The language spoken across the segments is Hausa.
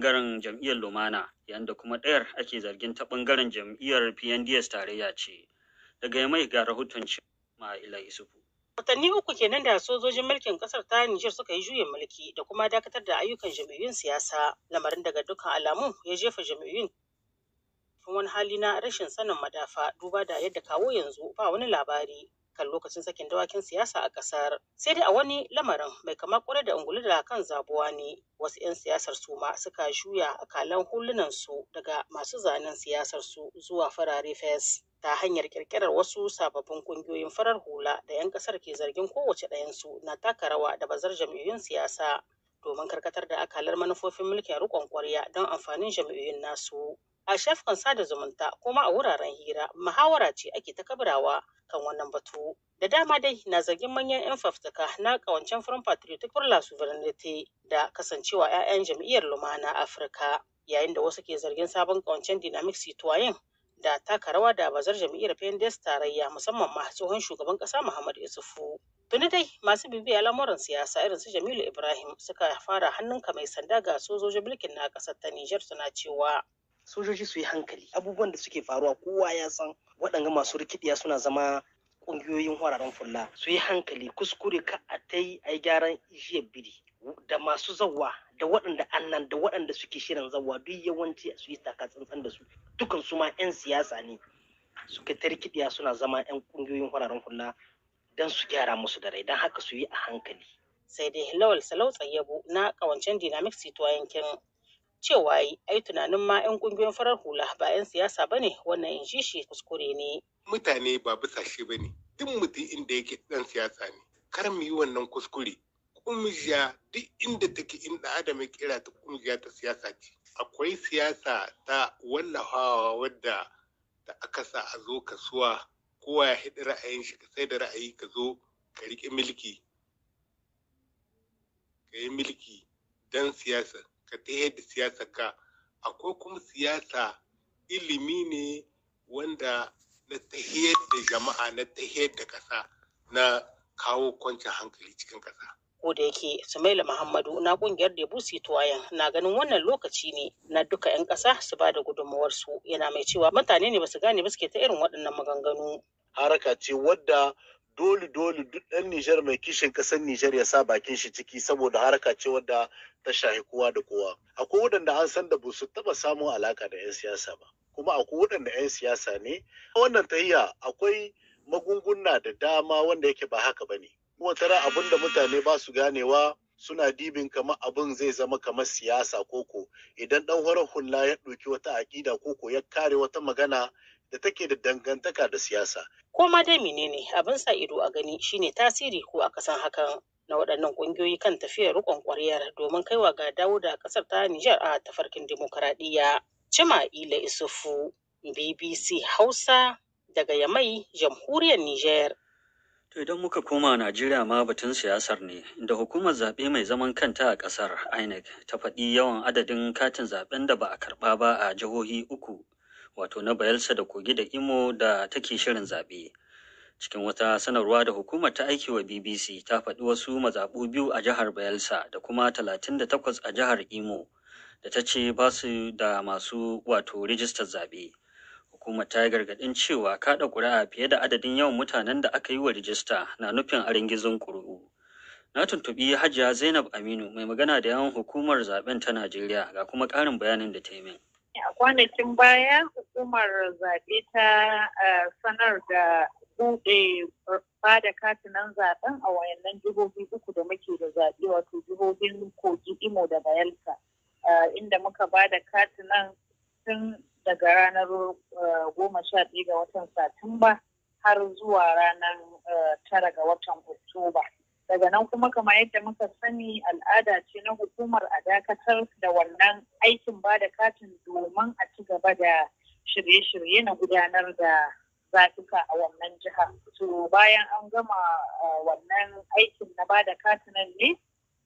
bangaren jam'iyyar lumana yayin da kuma ɗayar ake zargin ta bangaren jam'iyyar pnds tarayya ce daga mai ga rahoton ila isufu watanni uku kenan da sojojin mulkin kasar ta Nijar suka yi juyin mulki da kuma dakatar da ayyukan jam'iyyun siyasa lamarin daga dukkan alamu ya jefa jam'iyyun cikin wani hali na rashin sanin madafa duba da yadda kawo yanzu ba wani labari kan lokacin sakin dawakin siyasa a kasar sai dai a wani lamarin bai kama kwarai da ungulu da kan zabuwa ne wasu 'yan siyasar su ma suka juya akalan hulunan su daga masu zanen siyasar su zuwa farare fes ta hanyar kirkirar wasu sababbin kungiyoyin farar hula da 'yan kasar ke zargin kowace ɗayan su na taka rawa da bazar jam'iyyun siyasa domin karkatar da akalar manufofin mulkin riƙon kwarya don amfanin jam'iyyun nasu a shafukan sada zumunta kuma a wuraren hira muhawara ce ake ta kabrawa kan wannan batu da dama dai na zargin manyan 'yan fafutuka na kawancen Front Patriotic pour la Souveraineté da kasancewa 'ya'yan jam'iyyar lumana Afirka yayin da wasu ke zargin sabon kawancen Dynamic Citoyen da taka rawa da bazar jam'iyyar PNDS tarayya musamman ma tsohon shugaban kasa Muhammad Isufu. Tuni dai masu bibiya lamuran siyasa irin su Jamilu Ibrahim suka fara hannunka mai sanda ga sojojin mulkin na kasar ta Nijar suna cewa sojoji su yi hankali abubuwan da suke faruwa kowa ya san waɗanga masu rikidiya suna zama ƙungiyoyin wararen fulla su yi hankali kuskure ka a ta yi a gyaran jiya biri da masu zawa da waɗanda annan da waɗanda suke shirin zawa duk yawanci su yi taka tsantsan da su dukan su ma 'yan siyasa ne ta rikidiya suna zama 'yan ƙungiyoyin wararen fulla don su gyara musu da rai don haka su yi a hankali sai dai hilawal salau tsayyabu na kawancen dynamic city yankin cewa yi ai tunanin ma 'yan kungiyoyin farar hula ba 'yan siyasa ba ne wannan in ji shi kuskure ne. Mutane ba bisashe ba ne duk mutum inda yake ɗan siyasa ne kar mu yi wannan kuskure. Kungiya duk inda take inda adam ya kira ta kungiya ta siyasa ce. Akwai siyasa ta wallafawa wadda da aka sa a zo kasuwa kowa ya haɗi ra'ayin shi ka sai da ra'ayi ka zo ka riƙe milki ka yi milki don siyasa ka ta da siyasar ka akwai kuma siyasa ilimi ne wanda na tahiyar da jama'a na tahiyar da kasa na kawo kwancin hankali cikin ƙasa. ko da yake Sumaila Muhammadu na kungiyar Debusi tuwayen na ganin wannan lokaci ne na duka 'yan ƙasa su ba da su yana mai cewa mutane ne basu gane ba suke ta irin waɗannan maganganu. Haraka ce wadda dole dole duk ɗan Nijar mai kishin ƙasar Nijar ya sa bakin shi ciki saboda harka ce wadda ta shahi kowa da kowa. Akwai waɗanda an san da ba su taɓa samun alaka da 'yan siyasa ba, kuma akwai waɗanda 'yan siyasa ne. Wannan tahiya akwai magunguna da dama wanda yake ba haka ba ne. Kuma tara abin da mutane ba su ganewa suna dibin kamar abin zai zama kamar siyasa koko idan ɗan horar hula ya ɗauki wata aƙida koko ya kare wata magana da take da dangantaka da siyasa. Ko ma dai menene abin sa ido a gani shine tasiri ko a hakan na waɗannan ƙungiyoyi kan tafiyar riƙon ƙwaryar domin kaiwa ga dawo da ƙasar ta Nijar a tafarkin dimokuraɗiyya. Ila Isufu, BBC Hausa daga Yamai, Jamhuriyar Nijar. To idan muka koma Najeriya ma batun siyasar ne, da hukumar zaɓe mai zaman kanta a ƙasar INEC ta faɗi yawan adadin katin zaɓen da ba a karɓa ba a jihohi uku wato na Bayelsa da Kogi da Imo da take shirin zaɓe. Cikin wata sanarwa da hukumar ta aiki wa BBC ta faɗi wasu mazaɓu biyu a jihar Bayelsa da kuma 38 a jihar Imo da ta ce ba su da masu wato rijistar zaɓe. Hukumar ta yi gargaɗin cewa kaɗa ƙuri'a fiye da adadin yawan mutanen da aka yi wa rijista na nufin a ringizin ƙuri'u. Na tuntuɓi Hajiya Zainab Aminu mai magana da yawan hukumar zaɓen ta Najeriya ga kuma ƙarin bayanin da ta yi min. a kwanakin baya hukumar zaɓe ta sanar da buɗe ba da katinan zaɓen a wayannan jihohi uku da muke da zaɓe wato jihohin kogi imo da bayelsa inda muka ba da katinan tun daga ranar goma sha ɗaya ga watan satumba har zuwa ranar tara ga watan oktoba. daga nan kuma kamar yadda muka sani al'ada ce na hukumar a dakatar da wannan aikin ba da katin domin a ci gaba da shirye-shirye na gudanar da zatuka a wannan jiha. To bayan an gama eh, wannan aikin na ba da katinan ne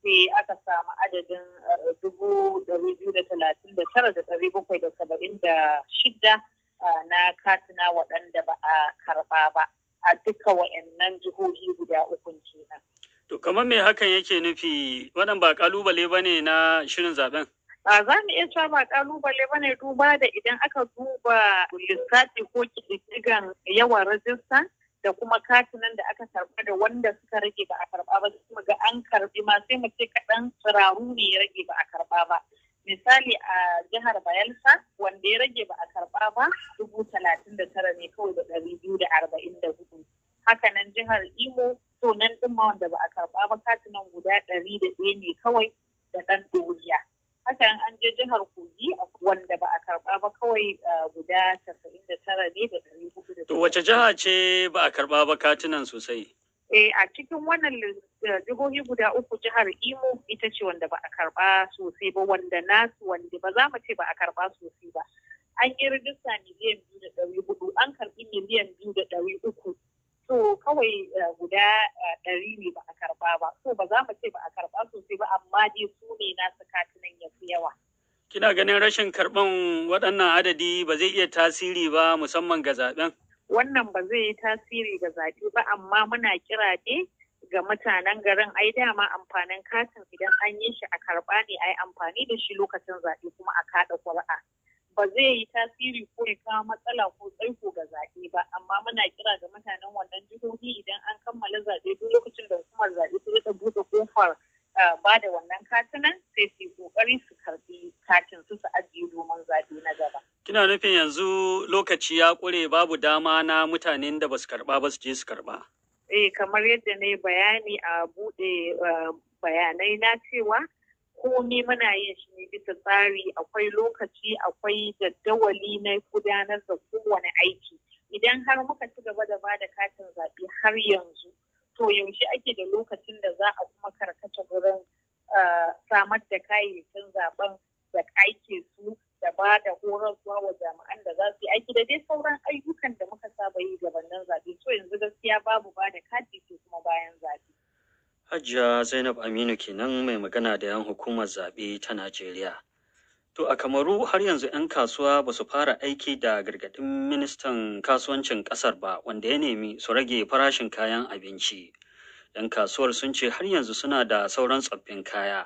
sai aka samu adadin eh, dubu da talatin da eh, na katina waɗanda ba a karɓa ba a duka wa'annan jihohi guda uku To kamar me hakan yake nufi waɗan ba ƙalubale ba ne na shirin zaben? A za mu iya cewa ba ƙalubale ba ne duba da idan aka duba lissafi ko ƙididdigan yawan rajista da kuma katinan da aka karba da wanda suka rage ba a karba ba kuma ga an karbi ma sai mu ce kaɗan tsiraru ne ya rage ba a karba ba. Misali a jihar Bayelsa wanda ya rage ba a karba ba dubu talatin da tara ne kawai da ɗari biyu da arba'in da hudu. Hakanan jihar Imo to nan ɗin ma wanda ba a da ɗaya ne kawai da ɗan ɗoriya. Hakan an je jihar Kogi wanda ba a karɓa ba kawai guda casa'in da tara ne da ɗari hudu da To wace jiha ce ba a karɓa ba katunan sosai? Eh a cikin wannan eh, jihohi guda uku jihar Imo ita ce wanda ba a karɓa sosai ba wanda nasu wanda ba za mu ce ba a karɓa sosai ba. An yi rijista miliyan biyu da ɗari hudu an karɓi miliyan biyu da ɗari uku so kawai eh, guda eh, ɗari ne ba a karba ba so ba za mu ce ba a karɓa sosai ba amma dai su ne su katunan ya fi yawa kina ganin rashin karban waɗannan adadi ba zai iya tasiri ba musamman ga zaɓen? wannan ba zai yi tasiri ga zaɓe ba amma muna kira ne ga mutanen garin ai dama amfanin katin idan an yi shi a karɓa ne ai amfani da shi lokacin zaɓe kuma a kaɗa ƙuri'a ba zai yi tasiri ko ya kawo matsala ko tsaiko ga zaɓe ba amma muna kira ga mutanen wannan sauki idan an kammala zaɓe duk lokacin da hukumar zaɓe ta ta buɗe kofar ba da wannan katunan sai su ƙoƙari su karɓi katin su su ajiye domin zaɓe na gaba. Kina nufin yanzu lokaci ya ƙure babu dama na mutanen da ba su karɓa ba su je su karɓa. Eh kamar yadda na yi bayani a buɗe bayanai na cewa komai muna yin shi ne bisa tsari akwai lokaci akwai jadawali na gudanar da kowane aiki. idan har muka ci gaba da bada katin zaɓe har yanzu to yaushe ake da lokacin da za a kuma karkata wurin samar da kayayyakin zaben da aike su da ba da horarwa wa jami'an da za su yi aiki da dai sauran ayyukan da muka saba yi gabanin zaɓe to yanzu gaskiya babu ba da kati ko kuma bayan zaɓe. Hajiya Zainab Aminu kenan mai magana da yan hukumar zaɓe ta Najeriya. To a Kamaru har yanzu 'yan kasuwa ba su fara aiki da gargaɗin ministan kasuwancin ƙasar ba wanda ya nemi su rage farashin kayan abinci. 'Yan kasuwar sun ce har yanzu suna da sauran tsoffin kaya.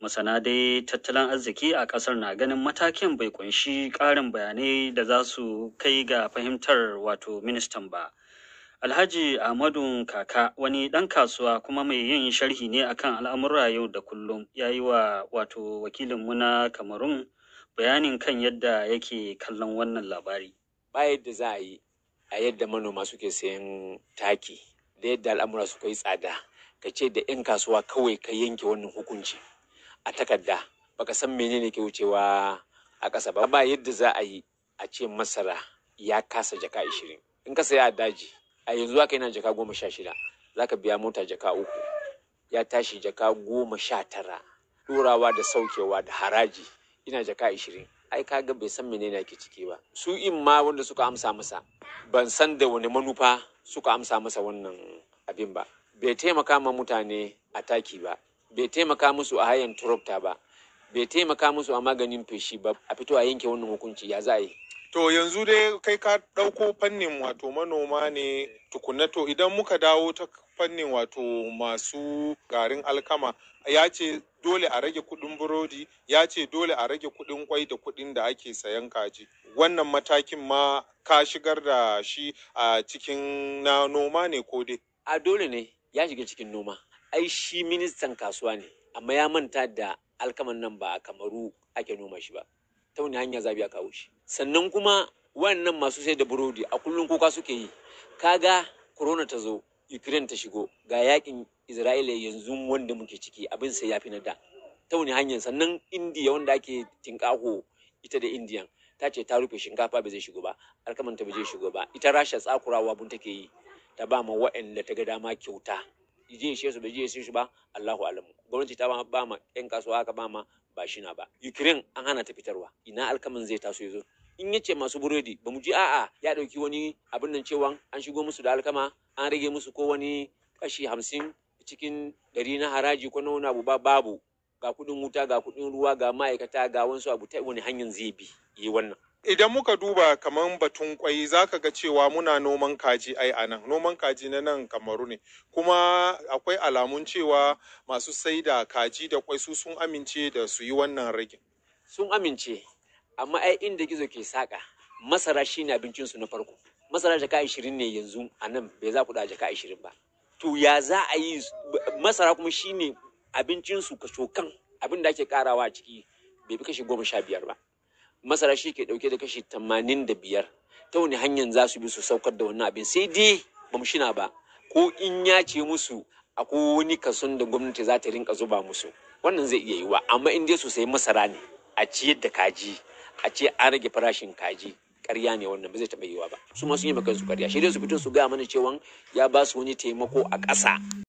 Masana dai tattalin arziki a ƙasar na ganin matakin bai ƙunshi ƙarin bayanai da za su kai ga fahimtar wato ministan ba. Alhaji Ahmadu Kaka wani ɗan kasuwa kuma mai yin sharhi ne akan al'amura yau da kullum ya yi wa wato wakilin muna Kamarun bayanin kan yadda yake kallon wannan labari. Ba yadda za a yi a yadda manoma suke sayan taki da yadda al'amura suka yi tsada ka ce da 'yan kasuwa kawai ka yanke wannan hukunci a takarda baka san menene ke wucewa a ƙasa ba ba yadda za a yi a ce masara ya kasa jaka ishirin in ka saya a daji a yanzu haka yana jaka goma sha shida za ka biya mota jaka uku ya tashi jaka goma sha tara ɗorawa da saukewa da haraji ina jaka ishirin ai kaga bai san menene ake ciki ba su in ma wanda suka amsa masa ban san da wani manufa suka amsa masa wannan abin ba bai taimaka ma mutane a taki ba bai taimaka musu a hayan turokta ba bai taimaka musu a maganin feshi ba a fito a yanke wannan hukunci ya za a yi To yanzu dai kai ka ɗauko fannin wato manoma ne tukuna to idan muka dawo ta fannin wato masu garin alkama ya ce dole a rage kuɗin burodi ya ce dole a rage kuɗin kwai da kuɗin da ake sayan kaji. Wannan matakin ma ka shigar da shi a cikin na noma ne ko dai? A dole ne ya shiga cikin noma. Ai shi ministan kasuwa ne amma ya manta da alkaman nan ba a kamaru ake noma shi ba. ta wani hanya zabi a kawo shi sannan kuma wannan masu sai da burodi a kullum kuka suke yi kaga corona ta zo ukraine ta shigo ga yakin isra'ila yanzu wanda muke ciki abin sai ya fi na da ta wani hanyar sannan indiya wanda ake tinkaho ita da indiyan ta ce ta rufe shinkafa ba zai shigo ba ta ba zai shigo ba ita rasha tsakurawa bun take yi ta ba ma wa'anda ta ga dama kyauta je shi su bai je shi ba Allahu alamu gwamnati ta ba ma yan kasuwa haka ba ma ba na ba ukraine an hana ta fitarwa ina alkaman zai taso yazo in ya ce masu burodi ba mu ji a'a ya ɗauki wani abin nan cewa an shigo musu da alkama an rage musu ko wani kashi hamsin cikin ɗari na haraji ko na abu ba babu ga kuɗin wuta ga kuɗin ruwa ga ma'aikata ga wasu abu ta wani hanyar zai bi yi wannan idan muka duba kamar batun kwai za ka ga cewa muna noman kaji ai a nan noman kaji na nan kamaru ne kuma akwai alamun cewa masu sai da kaji da kwai su sun amince da su yi wannan rage sun amince amma ai inda gizo ke saka masara shine abincinsu na farko masara jaka ashirin ne yanzu a nan bai za ku da jaka ashirin ba to ya za a yi masara kuma shine abincinsu kashokan abin da ake karawa ciki bai fi kashi goma sha biyar ba masara shi ke dauke da kashi tamanin da biyar ta wani hanyar za su bi su saukar da wannan abin sai dai ba mu shina ba ko in ya ce musu akwai wani kason da gwamnati za ta rinka zuba musu wannan zai iya yiwa amma in dai su sayi masara ne a ciyar da kaji a ce an rage farashin kaji karya ne wannan ba zai taɓa yiwa ba su ma sun yi su karya shi dai su fito su gaya mana cewa ya ba su wani taimako a ƙasa